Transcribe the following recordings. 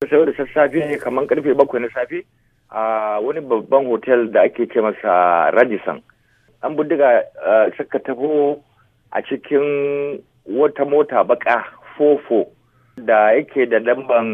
sau da sassafe ne kamar karfe bakwai na safe a wani babban hotel da ake ce masa rajisan an buddiga eh, suka taho a cikin wata mota baka fofo da yake da lamban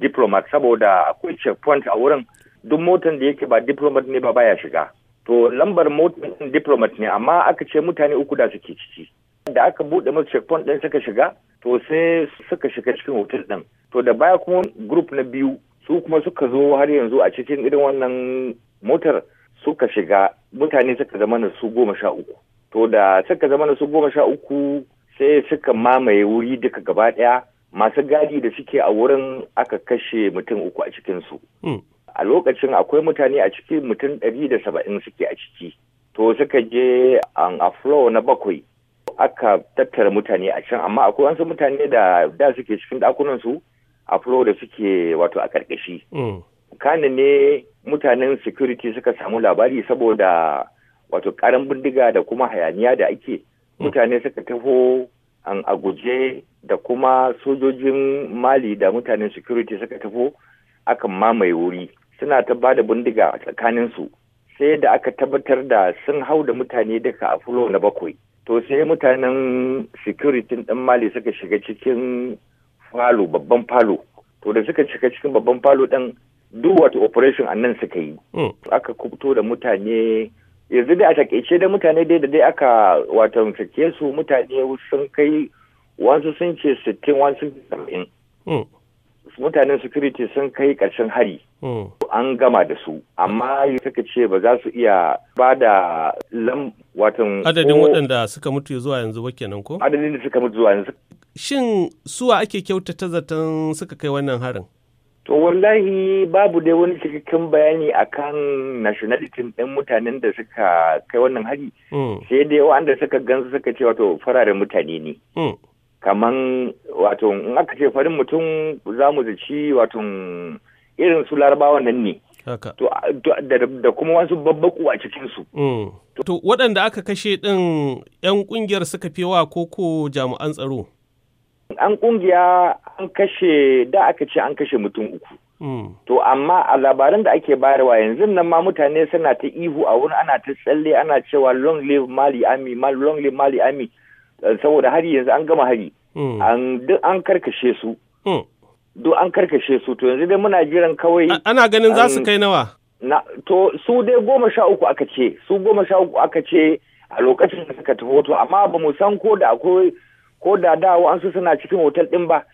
diplomat saboda akwai checkpoint a wurin duk motan da yake ba diplomat ne ba baya shiga to lambar motan diplomat ne amma aka ce mutane uku da suke ciki da aka buɗe masu checkpoint ɗin suka shiga to sai suka shiga cikin hotel ɗin to da baya kuma group na biyu su kuma suka zo har yanzu a cikin irin wannan motar suka shiga mutane suka zama na su goma sha uku to da suka zama na su goma sha uku sai suka mamaye wuri duka gaba ɗaya masu gadi da suke a wurin aka kashe mutum uku a cikinsu hmm. a lokacin akwai mutane a ciki mutum ɗari da saba'in suke a ciki to suka je a aflo na bakwai aka tattara mutane a can amma akwai wasu mutane da da suke cikin dakunan su a furo da suke wato a karkashi mm. kanin ne mutanen security suka samu labari saboda wato karan bindiga da kuma hayaniya da ake mm. mutane suka taho an aguje da kuma sojojin mali da mutanen security suka taho akan mamaye wuri suna ta ba da bindiga a su sai da aka tabbatar da sun hau da mutane daga a na bakwai to sai mutanen security din mali suka shiga cikin falo babban falo to da suka shiga cikin babban falo din duk wata operation a nan suka yi hmm. aka kubuto da mutane yanzu dai a takaice da mutane dai da dai aka wato sake su mutane sun kai wasu sun ce sittin wasu sun mutanen security sun kai ƙarshen hari hmm. an gama da su amma suka ce ba za su iya ba da lam watan adadin waɗanda suka mutu zuwa yanzu ba kenan ko adadin da suka mutu zuwa yanzu shin suwa ake kyautata zaton suka kai wannan harin To wallahi babu dai wani cikakken bayani akan nationality ɗin mutanen da suka kai wannan hari, hmm. sai dai wanda suka gansu suka ce wato fararen mutane ne. Hmm. kaman wato in aka ce farin mutum za mu zaci wato irin su larabawa nan ne da kuma wasu babbaku a cikinsu. Mm. To waɗanda aka kashe ɗin 'yan ƙungiyar suka fewa koko jami'an tsaro? An ƙungiya an kashe da aka ce an kashe mutum uku. Mm. To amma a labaran da ake bayarwa yanzu nan ma mutane suna ta ihu a wurin ana ta tsalle ana cewa long live Mali Ami, long live Mali Ami. saboda hari yanzu an gama hari hmm. duk an karkashe su hmm. duk an karkashe su to yanzu dai muna jiran kawai ana ganin za su kai nawa na to su dai goma sha uku aka ce su goma sha uku aka ce a lokacin da suka tafi hoto amma ba mu san ko da akwai ko da da su suna cikin hotel din ba